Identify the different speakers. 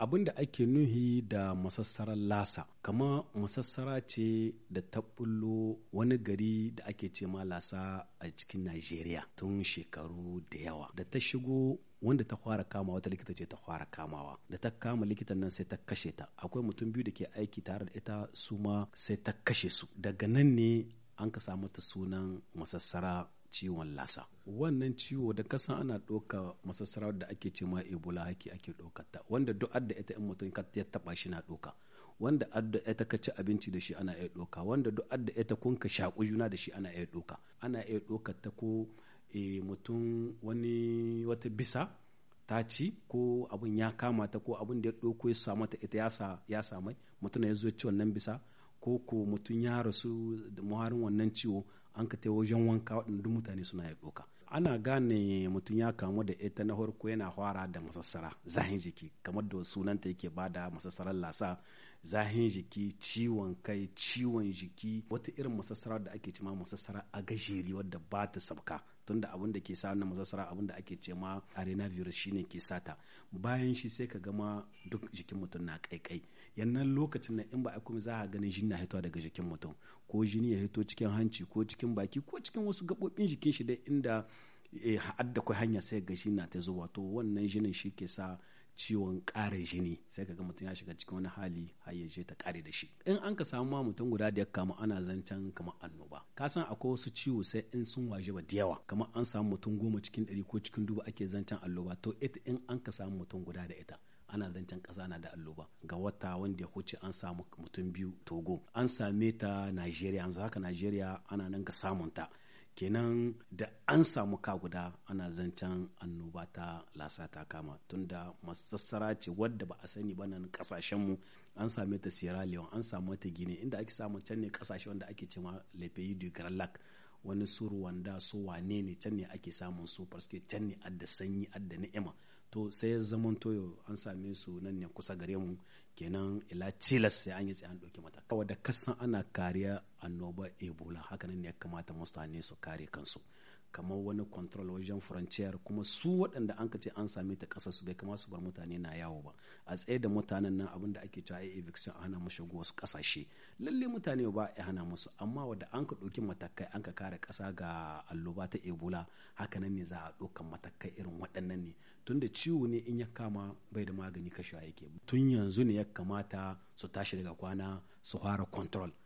Speaker 1: abin da ake nuhi da masassarar lasa kama masassara ce da ta bullo wani gari da ake ce ma lasa a cikin najeriya tun shekaru da yawa da ta shigo wanda ta fara kamawa Wata likita ce ta fara kamawa da ta kama likitan nan sai ta kashe ta akwai mutum biyu da ke aiki tare da ita su ma sai ta kashe su daga nan ne an ka samu ta sunan masassara ciwon lasa wannan ciwo da kasan ana ɗauka masassarar da ake ce ma ebola haki ake ɗaukata, ta wanda duk adda ita in mutum ya taɓa shi na ɗauka wanda adda ita ka ci abinci da shi ana iya ɗauka wanda duk adda ita kun ka shaƙu juna da shi ana iya ɗauka ana iya ɗaukar ta ko eh, mutum wani wata bisa ta ci ko abin ya kama ta ko abin da ya ɗauko ya sa mata ita ya sa mai mutum ya zo ciwon wannan bisa ko ko mutum ya rasu da muharin wannan ciwo an ka taiwo wajen wanka waɗanda duk mutane suna ya ɗoka ana gane mutum ya kamu da ita na farko yana fara da masassara zahin jiki kamar da sunanta yake bada masassarar lasa zahin jiki ciwon kai ciwon jiki wata irin masassara da ake cima masassara a gajeri wadda ba ta sabka tunda abin da ke sa wannan masassara abin da ake ce ma arena virus shine ke sata bayan shi sai ka gama duk jikin mutum na kaikai yannan lokacin na in ba a kuma za a ganin jini na hito daga jikin mutum ko jini ya hito cikin hanci ko cikin baki ko cikin wasu gabobin jikin shi dai inda eh, hadda kai hanya sai ga jini na ta zuwa to wannan jinin shi ke sa ciwon ƙarin jini sai ka ga mutum ya shiga cikin wani hali har ta ƙare da shi in an ka samu ma mutum guda da ya kamu ana zancen kamar annoba ka san akwai wasu ciwo sai in sun waje ba da yawa kamar an samu mutum goma cikin ɗari ko cikin dubu ake zancen annoba to ita in an ka samu mutum guda da ita ana zancen ƙasa na da alloba ga wata wanda ya huce an samu mutum biyu togo an same ta nigeria yanzu haka najeriya ana nan ga samunta kenan da an samu ka guda ana zancen annoba ta lasa ta kama tunda masassara ce wadda ba a sani ba nan kasashenmu an same ta sierra leone an samu ta gine inda ake samu can ne kasashe wanda ake cewa lepeyi du grand wani su ruwanda su wane ne can ne ake samun su parce can ne adda sanyi adda ni'ima to sai zaman toyo an same su nan ne kusa gare mu kenan ila cilas sai an yi tsaye an ɗauki mata kawai da kasan ana kariya annobar ebola hakanan ne ya kamata mutane su kare kansu kamar wani control wajen frontier kuma su waɗanda an ce an same ta ƙasar su bai kama su bar mutane na yawo ba a tsaye da mutanen nan abin da ake cewa eviction a hana mu shigo wasu ƙasashe lalle mutane ba ya hana musu amma wanda an ka ɗauki matakai an ka kare ƙasa ga alloba ta ebola haka nan ne za a ɗaukan matakai irin waɗannan ne tunda ciwo ne in ya kama bai da magani kashewa yake tun yanzu ne ya kamata su tashi daga kwana su fara control